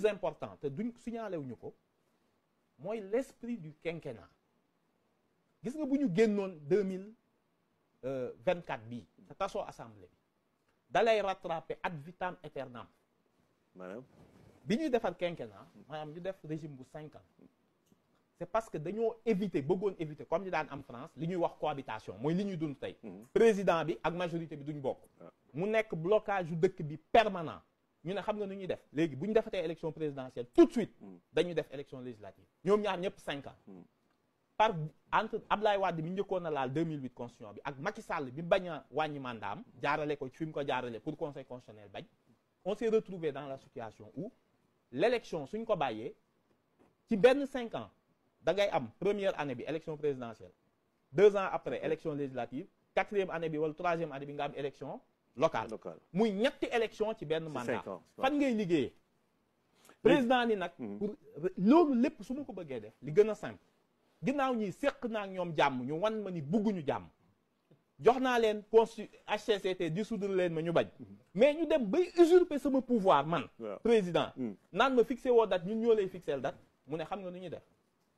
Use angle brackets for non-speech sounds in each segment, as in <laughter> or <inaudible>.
plus important te duñ signalé ko du quinquennat gis nga bu ñu génnoon deux mille euh, vingt quatre bii assemblée D'aller dalay rattrapé ad vitam aeternam maanaam bi ñuy quinquennat maanaam ñu def régime bu cinq ans c'est parce que nous éviter beaucoup éviter comme ñu daan am France li cohabitation mooy ligne ñuy dund mhm. président bi ak majorité bi duñ bokk ah. mu nekk blocage yu dëkk bi permanent ñu ne xam nga nu ñuy def léegi bu ñu defatee élection présidentielle tout de suite mm. dañu def élection législative ñoom ñaar ñëpp 5 ans mm. par entre Ablaye Wade mi njëkkoon a laal 2008 constitution bi ak Macky Sall bi bañ a wàññi mandaam jaarale ko fi mu ko jaarale pour conseil constitutionnel bañ on s'est retrouvé dans la situation où l'élection suñ ko bàyyee ci benn cinq ans da ngay am première année bi élection présidentielle deux ans après élection législative quatrième année bi wala troisième année bi nga am élection local muy ñetti élection ci benn mandat fan ngay liggéeyee président ni nag mm-hmm. loolu lépp su ma ko bëggee def li gën a simple ginnaaw ñi séq naa ak ñoom jàmm ñu wan ma ni bugguñu jàmm jox naa leen constu HCCT dissoudre leen ma ñu bañ mm-hmm. mais ñu dem bay usurper sama pouvoir man président mm. naan ma fixé woo date ñu ñoo lay fixeel date mu ne xam nga nu ñu def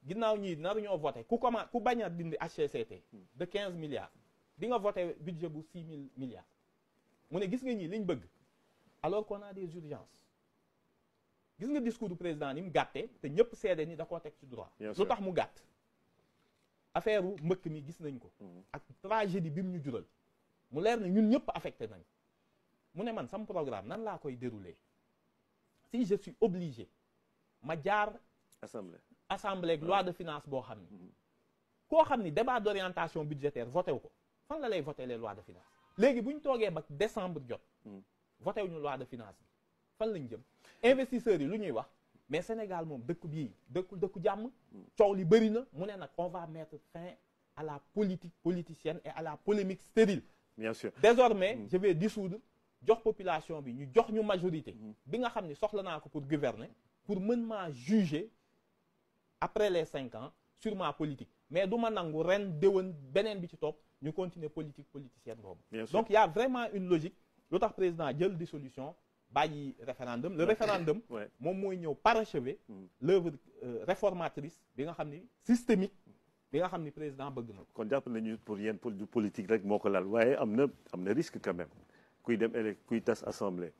ginnaaw ñii naru ñoo voté ku comment ku bañ a dindi HCCT mm. de quinze milliards di nga voté budget bu six mille milliards mu gis nga ñi liñ bëgg alors qu'on a des urgences gis nga discours du président ni mu gàttee te ñëpp seede ni da koo teg ci droit lu tax mu gàtt affaire u mbëkk mi gis nañ ko mm. ak tragédie bi mu ñu jural mu leer na ñun ñëpp affecté nañ mu ne man sam programme nan laa koy déroulé si je suis obligé ma jaar assemblée assemblée ak loi de finance boo xam ni mm-hmm. koo xam ni débat d'orientation budgétaire voté wu ko fan la lay voté les lois de finance léegi buñ togué toogee ba décembre jot. Hmm. voté wuñu loi de finance fan lañ jëm investisseurs yi luñuy wax mais Sénégal mom dekk bi dëkku dekk jàmm. Hmm. coow li bëri na mu on va mettre fin à la politique politicienne et à la polémique stérile. bien sûr désormais hmm. je vais dissoudre jox population bi ñu jox ñu majorité. bi nga xamni soxla naa ko pour gouverner pour mën juger après les cinq ans sur ma politique mais duma ma nangu ren déwén beneen bi ci topp nous continuons politique politicienne donc il y a vraiment une logique président président des dissolution un référendum le référendum <laughs> parachever mm. l'œuvre euh, réformatrice bien systémique président politique risque même